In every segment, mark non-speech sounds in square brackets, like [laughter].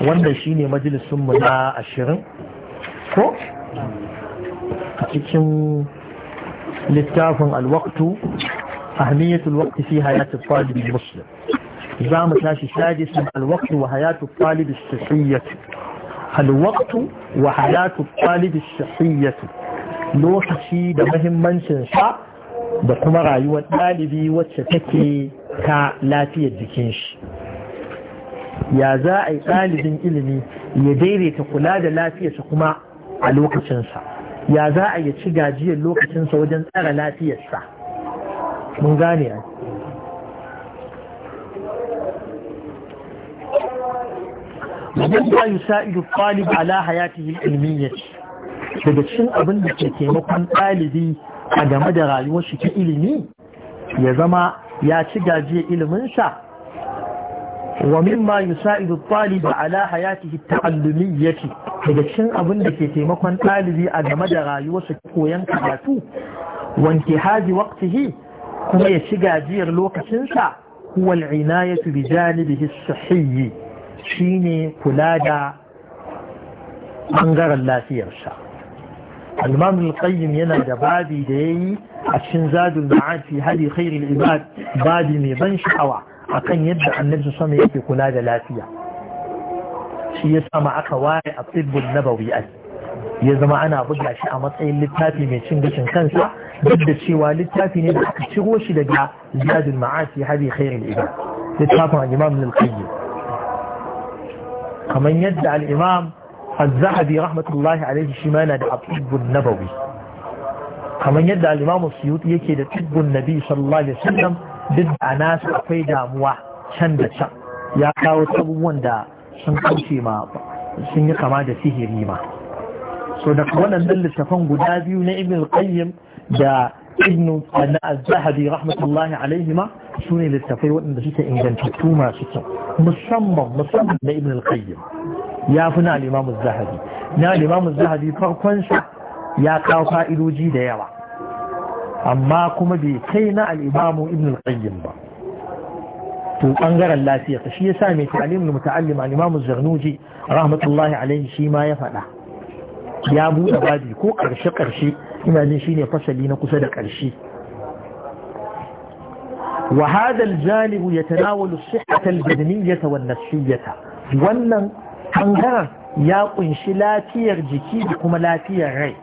wannan shine majalisunmu na ashirin ko a cikin littafin alwaktu ahmiyatul waqti fi hayatul talib muslim za mu tashi sadisin alwaktu wa hayatul talib as-sahiyyah alwaktu wa hayatul talib as lokaci da muhimmancin sa da kuma rayuwar ɗalibi wacce take ta lafiyar jikin shi ya za a yi ɗalibin ilimi ya daidaita kula da lafiyarsa kuma a lokacinsa ya za a yi ci gajiyar lokacinsa wajen tsara lafiyarsa mun gane ya wajen ba yi sa'idu ɗalib ala hayatihi ilmiyyar daga cikin abin da ke taimakon ɗalibi a game da rayuwar shi ta ilimi ya zama ya ci gajiyar iliminsa ومما يساعد الطالب على حياته التعلمية daga cikin abin da ke taimakon ɗalibi a game da rayuwarsa koyon karatu wanke haji waqtihi kuma ya ci gajiyar lokacinsa huwa al'inayatu bi janibihi sahiyyi shine kula da bangaren lafiyarsa al-imam al-qayyim yana da babi da yayi a cikin zadul ma'ad hadi khairil ibad babi mai ban sha'awa akan yadda annabi sama yake kula da lafiya shi ya sama aka ware a tsibbin nabawi ai ya zama ana buga shi a matsayin littafi mai cin gashin kansa duk da cewa littafi ne da aka ciro shi daga ziyadul ma'asi hadi khairul ibad littafin al-imam al-qayyim kaman yadda al-imam az-zahabi rahmatullahi alayhi shi ma yana da دا nabawi kaman yadda al-imam as-suyuti yake da النبي nabi sallallahu alaihi wasallam duk da nasu akwai damuwa can da can ya kawo abubuwan da sun kauce ma sun yi kama da sihiri ma so da waɗannan littafan guda biyu na ibn qayyim da ibn na az-zahabi rahmatullahi alaihima su ne littafai waɗanda suke ingantattu masu kyau musamman musamman na ibn qayyim ya fi na al-imam az-zahabi na al-imam az-zahabi farkon sa ya kawo fa'idoji da yawa amma kuma bai kai na al'imamu ibn al ba to bangaren lafiya ta shi yasa mai ta'alim da muta'allim al-imamu zarnuji rahmatullahi alaihi shi ma ya faɗa ya buɗe babi ko ƙarshe ƙarshe ina jin shine fasali na kusa da ƙarshe wa hadha ya janib yatanawalu as-sihhata wan wannan bangaren ya kunshi lafiyar jiki da kuma lafiyar rai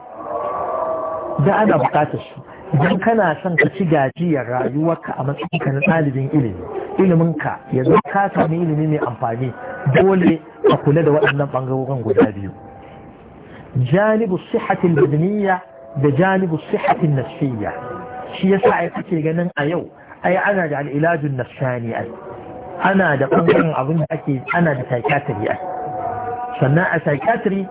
da ana bukatar shi. Idan kana son ka ci gajiyar rayuwarka a matsayinka na ɗalibin ilimi iliminka ya zo ka sami ilimi mai amfani dole ka kula da waɗannan ɓangarorin guda biyu janibu sihatin badaniya da janibu sihatin nafsiyya shi ya sa aiki ke ganin a yau ai ana da al'ilajin nafsani ai ana da ɓangaren abin da ake ana da psychiatry ai sannan a psychiatry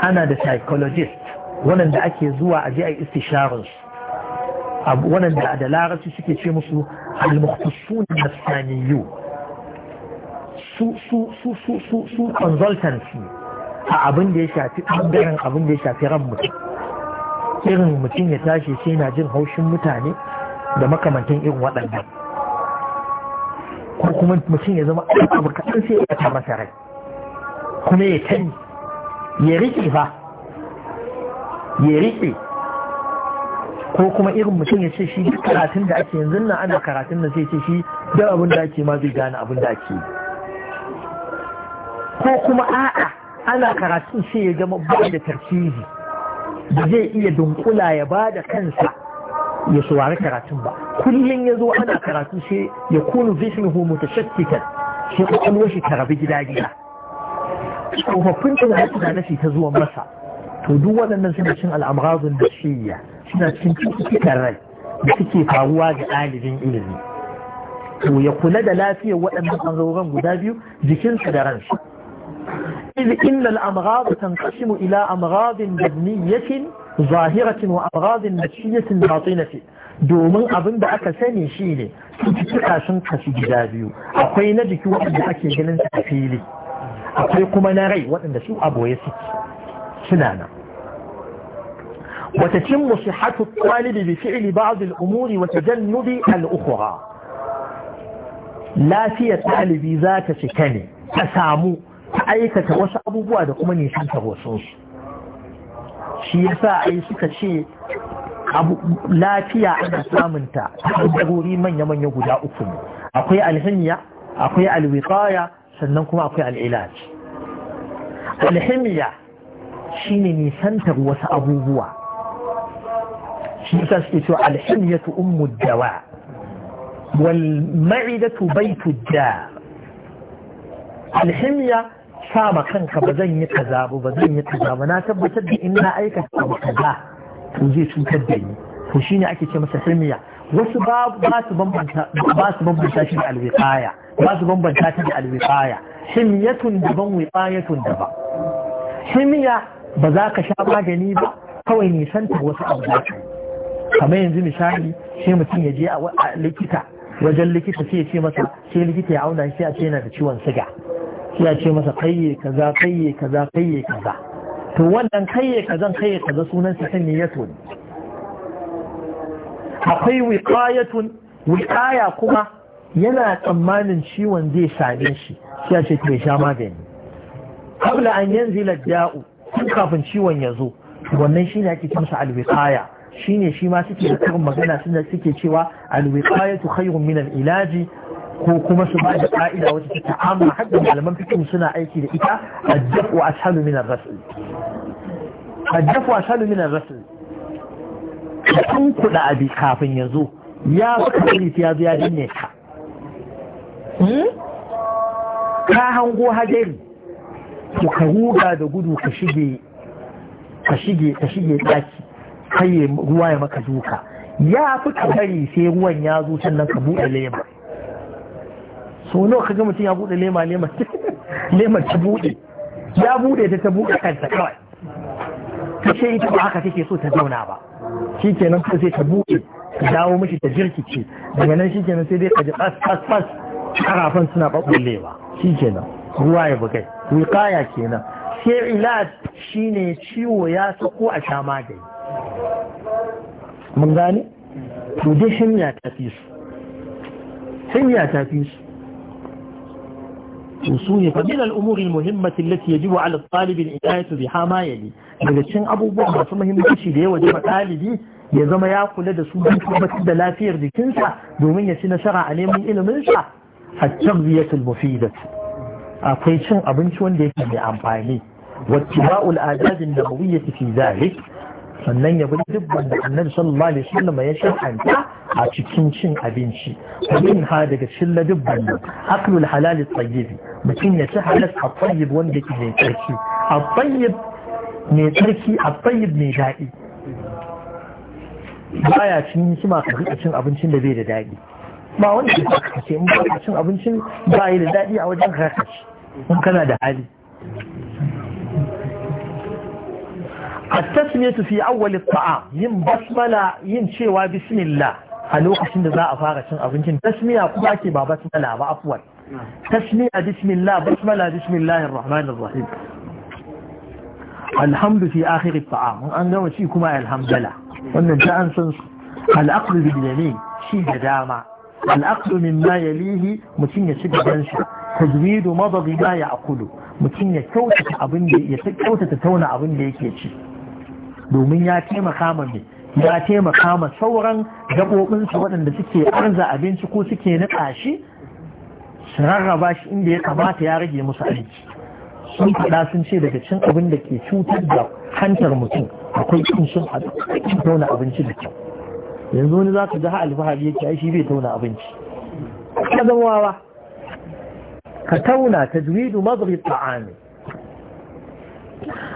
ana da psychologist waɗanda ake zuwa a je a yi istisharinsu waɗanda da larabci suke ce musu al-mukhtasun nafsaniyu su su su su su consultancy a abin da ya shafi ɓangaren abin da ya shafi ran mutum irin mutum ya tashi sai na jin haushin mutane da makamantan irin waɗannan ko kuma mutum ya zama abu kaɗan sai ya ta masa rai kuma ya tani ya riƙe fa ya riƙe ko kuma irin mutum ya ce shi duk karatun da ake yanzu nan ana karatun da sai ce shi duk abin da ake ma zai gane abin da ake ko kuma a'a ana karatun sai ya zama ba da tarkizi da zai iya dunkula ya ba da kansa ya saurari karatun ba kullum ya zo ana karatu sai ya kunu zishnuhu mutashakkikan sai kwakwalwar shi ta rabi gida gida tsofaffin tunanin tunanin shi ta zuwa masa to duk waɗannan suna cin al'amuran da shiya suna cikin cututtukan rai da suke faruwa da ɗalibin ilimi to ya kula da lafiyar waɗannan ɓangarorin guda biyu jikinsu da ransa إذ إن الأمراض تنقسم إلى أمراض بدنية ظاهرة وأمراض نفسية باطنة domin abin da aka sani shi ne cututtuka sun kashi gida biyu akwai na jiki waɗanda ake ganin a fili akwai kuma na rai waɗanda su aboye suke suna na. وتتم صحة الطالب بفعل بعض الأمور وتجنب الأخرى لا في الطالب ذات سكني أسامو أيكة وسأبو بواد أمني شمس وصوص شيسا أي سكشي lafiya ana samunta a ɓangarori manya-manya guda uku ne akwai alhimiya akwai alwiqaya sannan kuma akwai al'ilaj alhimiya shine nisantar wasu abubuwa shi yasa suke cewa alhilyatu ummu dawa wal ma'idatu baitu da alhimya sama kanka ba zan yi kaza ba ba zan yi kaza ba na tabbatar da ina na aikata abu kaza to zai cutar da ni to shine ake ce masa himya wasu ba su bambanta ba su bambanta shi da alwiqaya ba su bambanta shi da alwiqaya himyatun daban wiqayatun daban himya ba za ka sha magani ba kawai nisan ta wasu abu da kamar yanzu misali sai mutum ya je a likita wajen likita sai ya ce masa sai likita ya auna shi a ce yana da ciwon siga sai ya ce masa kaiye kaza kaiye kaza kaiye kaza to wannan kaiye kazan kaiye kaza sunan sa sanin ya to akwai wiqayatun wiqaya kuma yana tsammanin ciwon zai same shi sai ya ce ke sha magani qabla an yanzila da'u tun kafin ciwon ya zo wannan shine ake kimsa alwiqaya shine shi ma suke da karin magana suna suke cewa alwiqayatu khayrun min al-ilaji ko kuma su ba da ka'ida wacce ta ta'amma hadda malaman fikin suna aiki da ita addafu ashalu min ar-rasl addafu ashalu min ar-rasl kan kuɗa abi kafin ya zo ya kafin ya zo ya dinne ka hmm? ka hango hajari to ka ruga da gudu ka shige ka shige ka shige daki haye ruwa ya maka duka ya fi kare sai ruwan ya zo sannan ka buɗe lema so nawa ga mutum ya buɗe lema lema [laughs] lema ta buɗe ya buɗe ta ta buɗe kanta kawai ce ita ba haka take so ta zauna ba shikenan sai ta buɗe ta dawo mishi ta jirkice daga nan shikenan sai dai ka ji fas fas fas karafan suna ke shikenan ruwa ya bugai ke kenan sai ilad shine ciwo ya sako a sha magani mun gane to dai hanya ta fi su hanya ta fi su وصولي فمن الأمور المهمة التي يجب على الطالب العناية بها ما يلي daga cikin abubuwan masu muhimmanci da yawa jima ɗalibi ya zama ya kula da su don da lafiyar jikinsa domin ya ci nasara a neman iliminsa a tarbiyatul mufidat akwai cin abinci wanda yake mai amfani wattiba'ul adadin nabawiyyati fi zalik sannan ya bi duk da annabi sallallahu alaihi wasallam ya shahanta a cikin cin abinci min ha daga cikin dubban nan aklul halal tayyib mutum ya ci halal a tayyib wanda ke mai tsarki a tayyib mai tsarki a tayyib mai daɗi baya cin hikima ka rika cin abincin da bai da daɗi ba wanda ya ce in ba cin abincin ba da daɗi a wajen karkashi in kana da hali at-tasmiyatu fi awwal at-ta'am yin basmala yin cewa bismillah a lokacin da za a fara cin abincin tasmiya kuma ake ba basmala ba afwan tasmiya bismillah basmala bismillahir rahmanir rahim alhamdu fi akhir at-ta'am an gama ci kuma alhamdulillah wannan ta an san al-aqlu bil yamin shi da dama al-aqlu mimma yalihi mutun ya ci gaban shi tajwidu madad ma ya'kulu ya kyautata abin da ya kyautata tauna abin da yake ci domin ya taimaka ma mai ya taimaka ma sauran gaɓoɓinsu waɗanda suke arza abinci ko suke niƙa shi su rarraba shi inda ya kamata ya rage musu abinci. sun faɗa sun ce daga cin abin da ke cutar da hantar mutum akwai cin sun tauna abinci da kyau yanzu wani za ka ga alfahari yake shi bai tauna abinci ka zama wawa ka tauna tajwidu maghrib ta'ami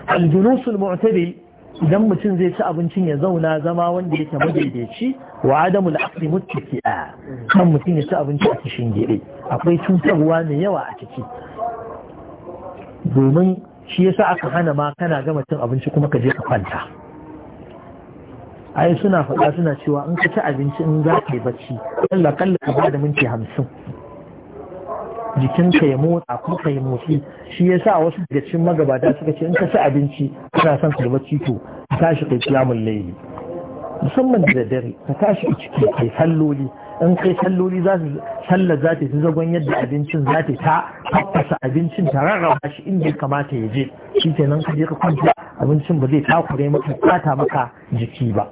الجلوس المعتدل idan mutum zai ci abincin ya zauna zama wanda yake madaidaici wa adamu al'aqli muttaki'a kan mutum ya ci abinci a cikin gire akwai ruwa mai yawa a ciki domin shi yasa aka hana ma kana gama cin abinci kuma ka je ka kwanta ai suna faɗa suna cewa in ka ci abinci in za ka yi bacci Allah kalla ka ba da minti hamsin jikinka ya motsa ko ka yi motsi shi ya sa wasu daga cin magabata suka ce in ka ci abinci kana son ka bacci cito ka tashi kai kiyamun laili musamman da dare ka tashi a ciki kai salloli in kai salloli za su sallar za ta fi zagon yadda abincin za ta ta tabbasa abincin ta rarraba shi inda ya kamata ya je shi kenan ka je ka kwanta abincin ba zai takure maka kata maka jiki ba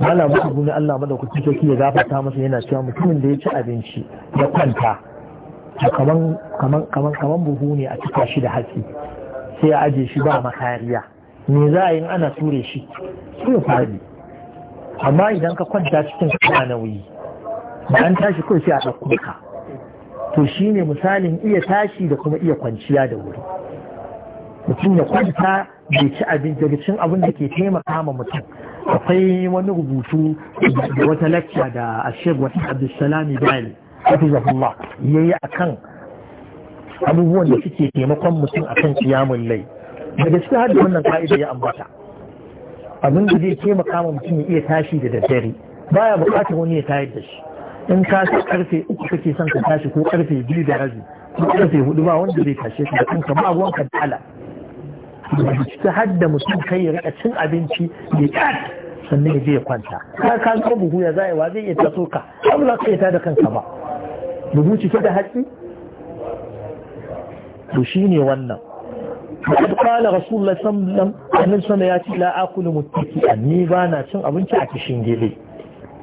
wala ba abu na Allah madaukaki sarki ya gafarta masa yana cewa mutumin da ya ci abinci ya kwanta kaman kaman kaman kaman buhu ne a cika shi da hatsi sai ya aje shi ba makariya me za a yi ana ture shi sai fadi amma idan ka kwanta cikin kana nauyi ba an tashi kawai sai a ɗauko ka to shine misalin iya tashi da kuma iya kwanciya da wuri mutum ya kwanta bai ci abinci daga cin abin da ke taimaka ma mutum akwai wani rubutu da wata lakca da ashir wata abdulsalami bayan hafizahullah ya yi a kan abubuwan da suke taimakon mutum a kan kiyamun lai Daga gaske har wannan ka'ida ya ambata abin da zai taimaka ma mutum ya iya tashi da daddare baya bukatar wani ya tayar da shi in ka karfe uku kake son ka tashi ko karfe biyu da rabi ko karfe hudu ba wanda zai tashe ka da kanka ba ruwan ka da da hadda mutum kai ya rika cin abinci ya ƙat sannan ya je ya kwanta ka ka zo buhu ya zai wa zai iya taso ka ba za ka ita da kanka ba buhu cike da hatsi to shine wannan وقد قال رسول الله wani sana ya وسلم أن السنة ياتي لا أكل متكئا ني cin abinci a kishin gele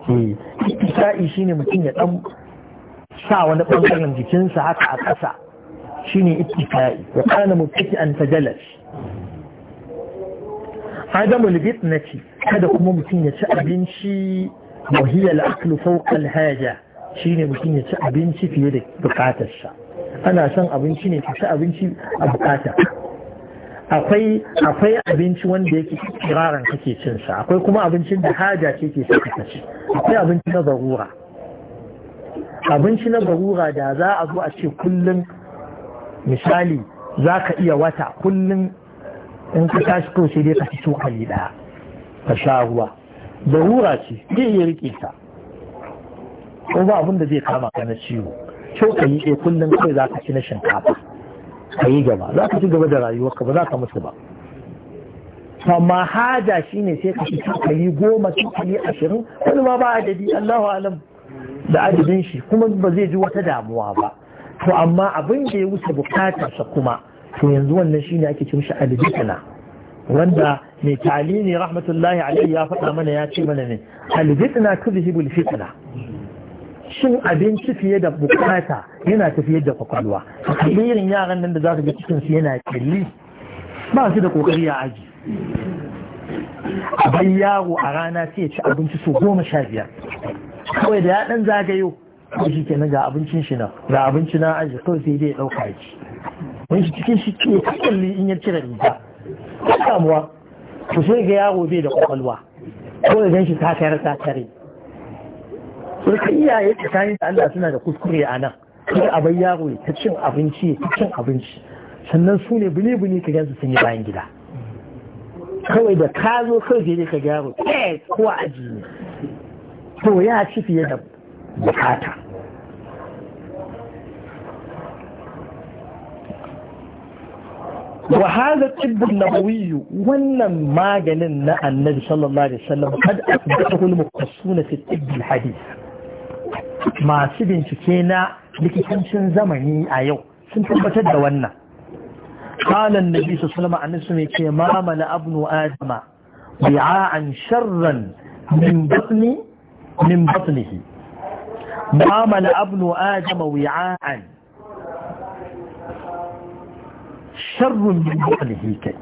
eh isa'i shine mutum ya ɗan sa wani bangaren jikinsa haka a ƙasa shine ittifai wa kana Adamu fajalas na bitnati kada kuma mutum ya ci abinci wa hiya al-aklu fawqa al-haja shine mutum ya ci abinci fiye da bukatar sa ana son abinci ne ka ci abinci a bukata akwai abinci wanda yake kiraran kake cinsa. akwai kuma abincin da haja ce ke saka ka ci akwai abinci na zarura abinci na zarura da za a zo a ce kullum misali za ka iya wata kullum in ka tashi ko sai dai ka ci cokali ɗaya ka sha ruwa Da darura ce zai iya rike ta ko ba abin da zai kama ka na ciwo cokali ɗaya kullum kawai za ka ci na shinkafa ka yi gaba za ka ci gaba da ka ba za ka mutu ba amma haja shine sai ka ci cokali goma cokali ashirin wani ma ba adadi Allahu alam da adadin shi kuma ba zai ji wata damuwa ba to amma abin da ya wuce bukatarsa kuma to yanzu wannan shine ake cin shi albitna wanda mai ne, rahmatullahi alaihi ya faɗa mana ya ce mana ne albitna tuzhibul fitna shin abinci fiye da bukata yana tafiyar da kwakwalwa kalirin yaran nan da za su ga cikin su yana kalli ba su da kokari a aji a bai yaro a rana sai ya ci abinci sau goma sha biyar kawai da ya dan zagayo ko shi kenan ga abincin shi nan ga abinci na aji kawai sai dai dauka shi mun shi cikin shi ke kalli in ya cire riga ta kamuwa to sai ga yaro bai da kwakwalwa ko da gan shi ta kare ta kare ya iyaye tsakanin da Allah suna da kuskure a nan sai a bai yaro ta cin abinci ta cin abinci sannan su ne bini bini ka gansu sun yi bayan gida kawai da ka zo kawai sai dai ka ga yaro eh, ko aji ne to ya ci fiye da bukata wa hadha tibbun wannan maganin na annabi sallallahu alaihi wasallam kad asbathahu al fi tibb hadith masu bincike na likitancin zamani a yau sun tabbatar da wannan قال النبي صلى الله عليه وسلم عن نفسه ما ملأ ابن آدم وعاء شرا min بطن من بطنه ما ملأ ابن آدم وعاء شر من بطله كي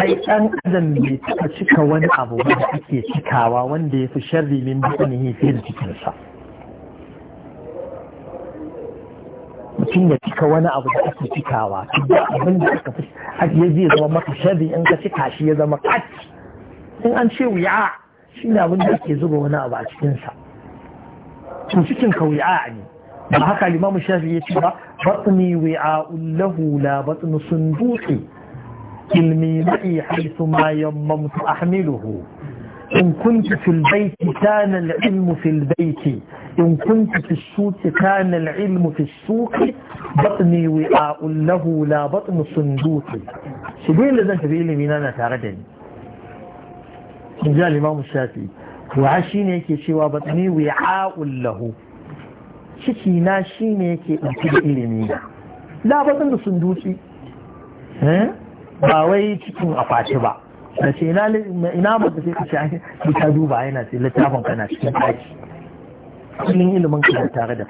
أي أن أدم بيتكتك وان أبو بحكي تكاوى وان دي في شر من بطنه في الجنسة mutum ya cika wani abu da ake cikawa abin da aka fi ajiye zai zama maka shari in ka cika shi ya zama kaci in an ce wuya shi ne abin da ake zuba wani abu a cikinsa to cikin ka wi'a ne ba haka limamu shafi ya ce ba batni wi'a lahu la batni sunduqi ilmi ma'i ma ahmiluhu إن كنت في البيت كان العلم في البيت إن كنت في السوق كان العلم في السوق بطني وعاء له لا بطن صندوق شبين لذلك في إلمي أنا تاردني جاء الإمام الشافعي wa shi ne yake cewa batsani wi'a'ul lahu ciki na shi ne yake ɗauki da ilimi na labarin da sun dutse. Eh? ba wai cikin akwati ba da ce ina mutu sai ka ce ake ta duba yana ce littafin kana cikin ɗaki kullum ilimin ka tare da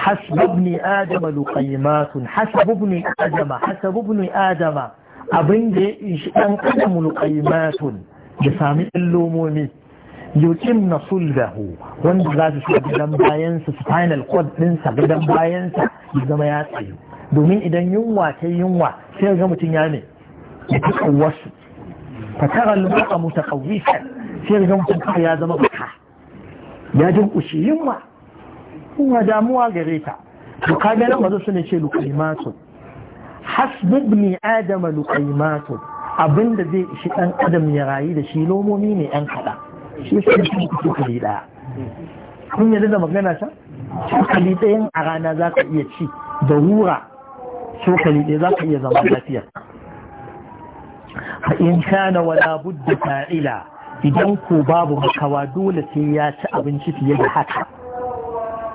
حسب ابن آدم لقيمات حسب ابن آدم حسب ابن abin da ya ishi ɗan ƙadamu luƙaimatun da sami illomomi yuqimna sulbahu wanda za su shiga gidan bayansa spinal cord dinsa, gidan bayansa ya zama ya tsayu domin idan yunwa ta yunwa sai ga mutum ya ne ya fi kawarsu fatara lumaka mutakawisa sai ga mutum kawai ya zama baka ya jin kushi yunwa kuma damuwa gare ta to kaga nan mazo su ne ce lukaimatu hasbubni adama lukaimatu abinda zai ishi ɗan adam ya rayu da shi lomomi ne yan kaɗa. shi sai mutum ka cokali ɗaya kun yarda da magana ta cokali ɗayan a rana za ka iya ci da rura cokali ɗaya za ka iya zama lafiya A in kana wala budda fa'ila idan ko babu makawa dole sai ya ci abinci fiye da haka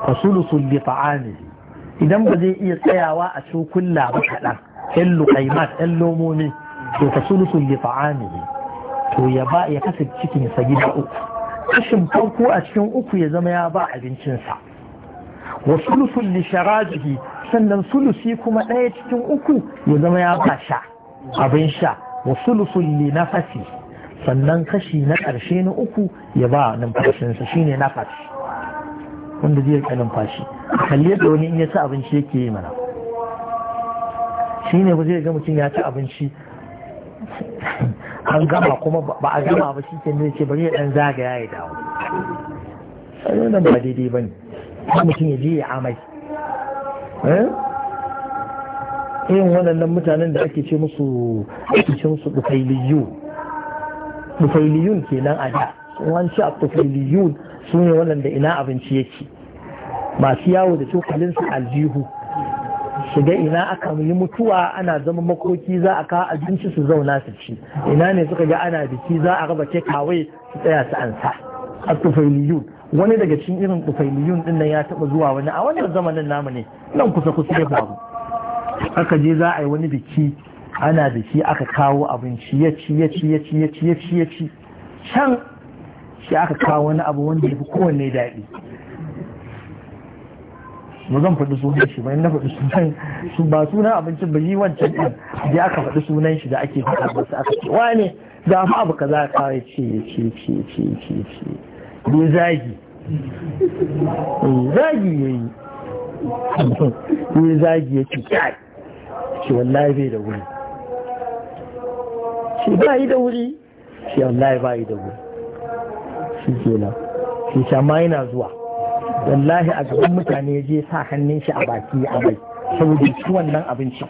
fasulusun li ta'ami idan ba zai iya tsayawa a cokulla ba kaɗan 'yan luƙaimat ƴan lomomi to fasulusun li ta'ami to ya ba ya kasa cikinsa gida uku kashin farko a cikin uku ya zama ya ba abincinsa wa sulusun li jiki, sannan sulusi kuma ɗaya cikin uku ya zama ya ba sha abin sha wa sulusun na fasi, sannan kashi na ƙarshe na uku ya ba numfashinsa shi ne nafashi. wanda zai ka numfashi kalli yadda wani in ya ci abinci yake yi mana shine ba zai ga mutum ya ci abinci an gama kuma ba a gama ba shi kenan ce bari ya dan zaga ya yi dawo sai nan ba daidai bane ba mutum ya je ya amai eh? irin waɗannan mutanen da ake ce musu ake ce musu dufailiyu dufailiyun kenan a da sun shi a dufailiyun su ne waɗanda ina abinci yake masu yawo da cokalinsu aljihu Shiga ina aka yi mutuwa ana zama makoki za a ka abinci su zauna su ci ina ne suka ga ana biki za a raba kawai su tsaya su ansa a tufailiyun wani daga cikin irin tufailiyun din nan ya taba zuwa wani a wannan zamanin namu ne nan kusa kusa ya faru aka je za a yi wani biki ana biki aka kawo abinci ya ci ya ci ya ci ya ci ya ci ya ci can shi aka kawo wani abu wanda ya fi kowanne daɗi mu zan faɗi sunan shi bayan na faɗi sunan shi ba sunan abincin ba yi wancan ɗin da aka faɗi sunan shi da ake faɗa ba su aka ce ne da ma abu kaza ka ya ce ya ce ce ce ce ce ne zagi eh, zagi ya yi ne zagi ya ce kai ce wallahi bai da wuri ce ba yi da wuri ce wallahi ba yi da wuri shi ke nan shi shama yana zuwa wallahi a gaban mutane ya je sa hannun shi a baki a bai saboda shi wannan abinci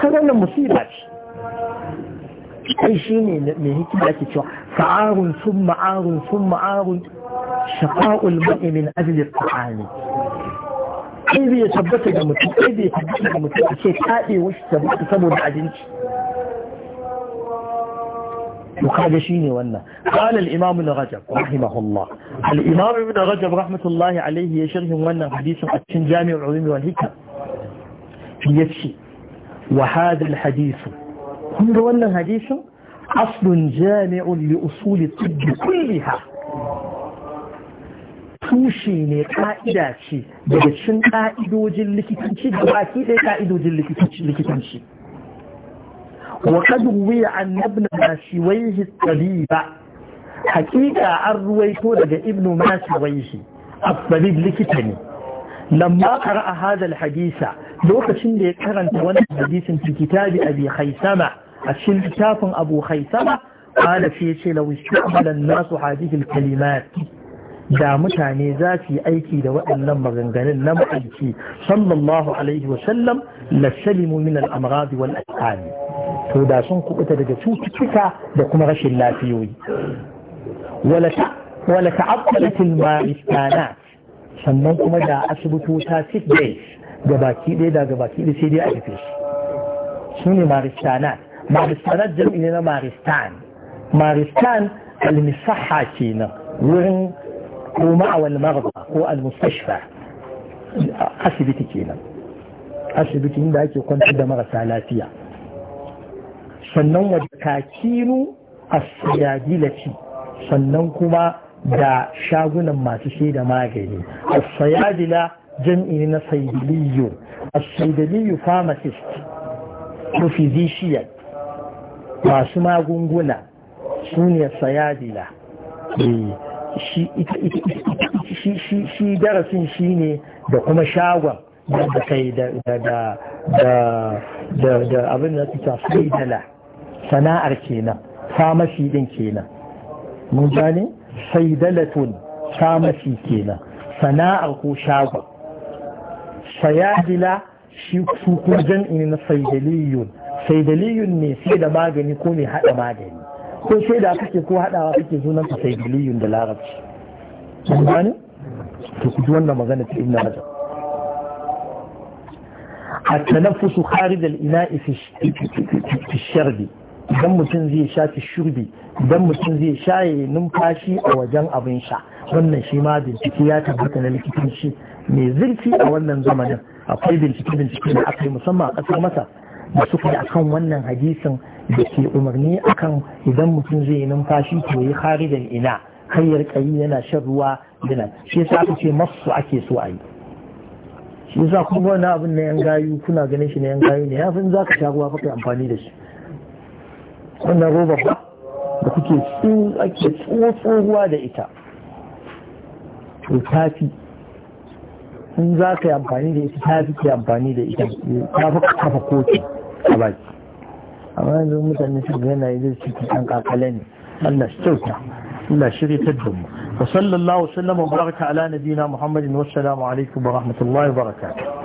kan wannan musiba ce kai shi ne mai hikima ake cewa fa'arun sun ma'arun sun ma'arun shafa'ul ma'i min ajli ta'ani kai bai tabbata da mutum kai bai tabbata da mutum a ce kaɗe wasu tabbata saboda abinci مقادشين وانا قال الإمام ابن رجب رحمه الله الإمام ابن رجب رحمة الله عليه يشرح وانا حديث عشان جامع العلم والحكم في يفشي وهذا الحديث هم وانا حديث أصل جامع لأصول الطب كلها tushe ني ka'ida شي daga شن قائد likitanci da baki ɗaya لكي تنشي وقد روي عن ابن ماشويه الطبيب حقيقة الرويتو لدى ابن ماشويه الطبيب لكتني لما قرأ هذا الحديث لو كشن لي كرنت وانا حديث في كتاب أبي خيسمة الشن كتاب أبو خيسمة قال في شيء لو استعمل الناس هذه الكلمات da mutane za su yi aiki da waɗannan maganganun na ma'aiki sallallahu alaihi wasallam la salimu min al-amradi wal to da sun kubuta daga cututtuka da kuma rashin lafiyoyi wala ta'aqqalat al maisana sannan kuma da asibitota sick days ga baki dai da ga baki ɗaya sai dai a rufe shi su ne maristanat maristanat jam'i ne na maristan maristan al-misaha kenan wurin koma a wani marba ko al-mustashfa asibiti kenan asibiti inda ake kwantar da marasa lafiya sannan wa takinu a sayadilati sannan kuma da shagunan masu sai da magani a sayadila jam'i na saidiliyu a saidiliyu pharmacist ko physician masu magunguna su ne sayadila eh, shi darasin shi ne da kuma shagon da kai da abin da ta saidala sana'ar kenan famashi din kenan mun gane saidalatun famashi kenan sana'ar ko shago sayadila shi su kuma jan'i na saidaliyun saidaliyun ne sai da magani ko mai hada magani ko sai da kake ko hadawa kake sunan ka saidaliyun da larabci mun gane to ku ji wannan magana ta ibn rajab التنفس خارج الإناء في الشرب idan mutum zai sha shurbi idan mutum zai sha ya numfashi a wajen abin sha wannan shi ma bincike ya tabbata na likitanci mai zurfi a wannan zamanin akwai bincike bincike da aka yi musamman a ƙasar masa. da suka yi akan wannan hadisin da ke umarni akan idan mutum zai yi numfashi to yi harijan ina hanyar kayi yana shan ruwa yana shi yasa aka ce masu ake so a yi shi yasa kuma wani abin na yan gayu kuna ganin shi na yan gayu ne yafin za ka sha ruwa fa amfani da shi wannan roba ba da kuke ake tsotso ruwa da ita to tafi in za ka yi amfani da ita tafi ke amfani da ita tafi kafa kotu a baki amma yanzu mutane su yana yi zai cikin ɗan kakale ne Allah shi kyauta Allah shirya ta dummu wa sallallahu wa baraka ala nabina muhammadin wassalamu alaikum wa rahmatullahi wa barakatuh